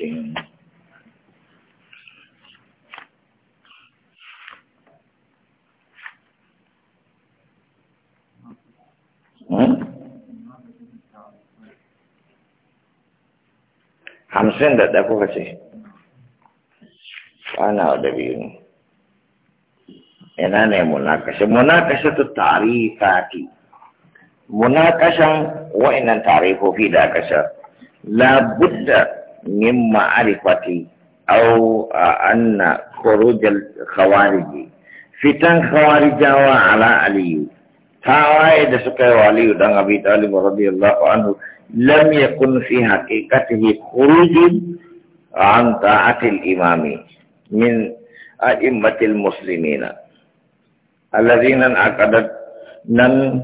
cikin hamsin da ɗaya kuka ce ana da biyu ina ne munakashe munakashe ta tarifati munakashen wa'inan tarifofi da aka sha labudda من معرفة أو أن خروج الخوارج فتن خوارج على علي فوائد سكي علي دان أبي طالب رضي الله عنه لم يكن في حقيقته خروج عن طاعة الإمام من أئمة المسلمين الذين انعقدت نن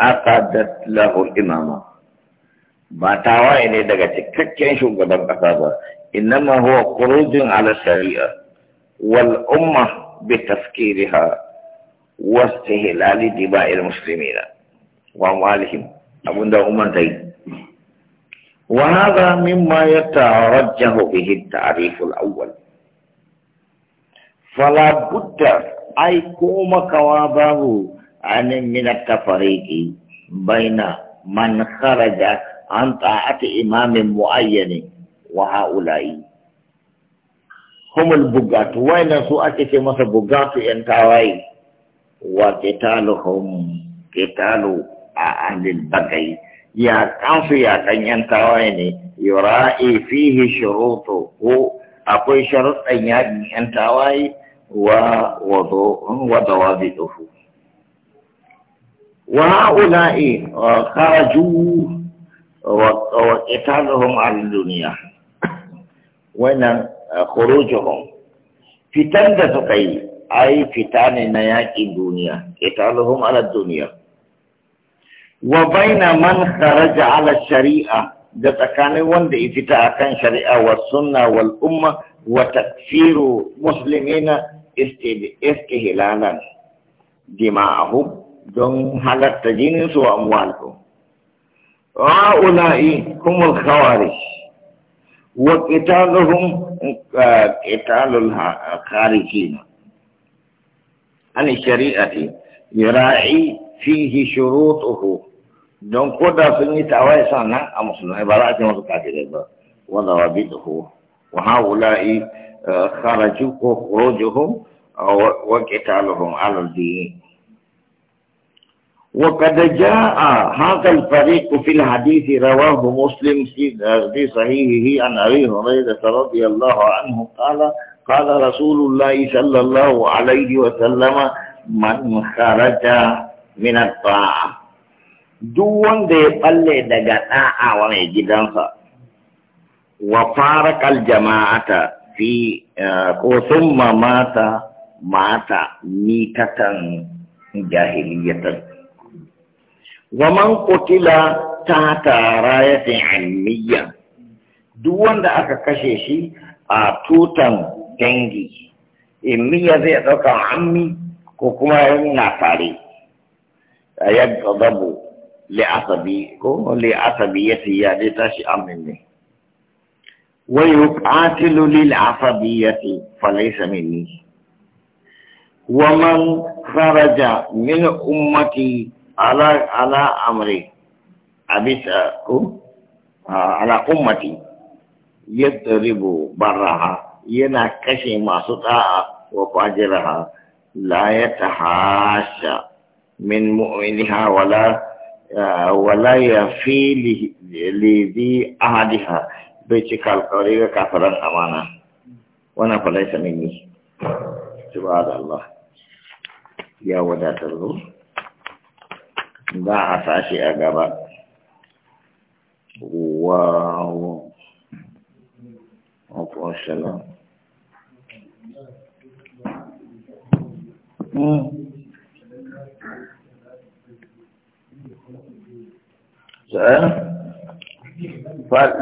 عقدت له الإمامة ba tawaye ne daga cikakken shugaban ƙasa ba innama huwa khurujun ala shari'a wal umma bi tafkiriha wa istihlali diba'il muslimina wa malihim abunda umman tai wa hadha mimma yatarajjahu bihi at-ta'rif al-awwal fala budda ay kuma kawabahu an min at-tafriqi baina man kharaja an ta'ati imamin mu'ayyani wa ha'ula'i humul bugatu wainan su ake ce masa bugatu yan tawaye wa qitaluhum qitalu a ahlil bagai ya kansu ya kan yan tawaye ne yura'i fihi shurutu ko akwai sharuɗan yaƙin yan tawaye wa dawabiɗuhu wa ha'ula'i kharaju وقتالهم على الدنيا وين خروجهم في تندة سكي أي فتان نياك الدنيا قتالهم على الدنيا وبين من خرج على الشريعة ده تكان وند إفتاء كان شريعة والسنة والأمة وتكفير مسلمين استهلالا دماءهم دون حالة تجينس وأموالهم هؤلاء هم الخوارج وقتالهم آه، قتال الخارجين عن الشريعة يراعي فيه شروطه دون قدا في النيت أويسانا أمسلنا عبارة مصر كافر وضوابطه وهؤلاء آه، خرجوا وخروجهم وقتالهم على الدين وقد جاء هذا الفريق في الحديث رواه مسلم في صحيحه عن أبي هريرة رضي الله عنه قال قال رسول الله صلى الله عليه وسلم من خرج من الطاعة دون ذي قل دقاء يجدنها وفارق الجماعة في ثم مات مات ميتة جاهلية waman kutila ta tara ya almiya duk wanda aka kashe shi a tutan dangi miya zai ɗauka ammi ko kuma yana tare ya gadabu li'asabi ko li'asabi ya tiya zai tashi amin ne ya للعصبية فليس مني Waman faraja mini أمتي ala ala amri abisa eh, ku ah, ala ummati yadribu barraha yana kashe masu da'a ah, wa fajiraha la yatahasha min mu'miniha wala ah, wala yafi li zi ahadiha bai ci alkawari ga kafiran amana wannan falaisa minni Allah, ya wadatar zuwa ba a sashi a gaba wawo okwashala hmm.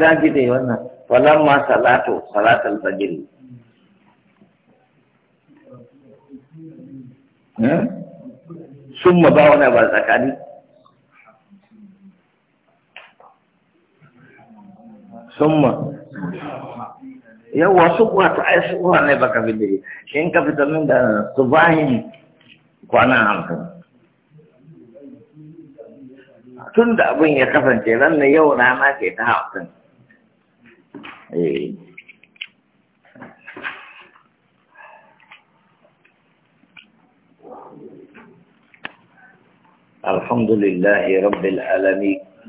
Zaki dai wannan, falamma salatu, salatul fajiri. Hmm? Sun ba wani ba tsakani? summa yawa subha ta ai subha ne baka bi dai shin ka fita min da su kwana hamsin tun da abin ya kasance ran na yau rana ke ta hamsin Alhamdu lillahi رب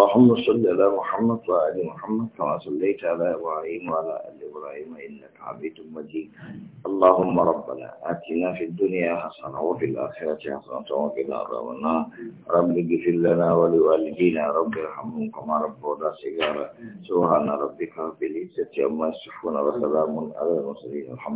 اللهم صل على محمد وعلى محمد كما صليت على إبراهيم وعلى آل إبراهيم إنك عبيد مجيد اللهم ربنا آتنا في الدنيا حسنة وفي الآخرة حسنة وفي عذاب النار رب اغفر لنا ولوالدينا رب ارحمهم كما ربونا صغارا سبحان ربك رب العزة عما يصفون وسلام على المرسلين الحمد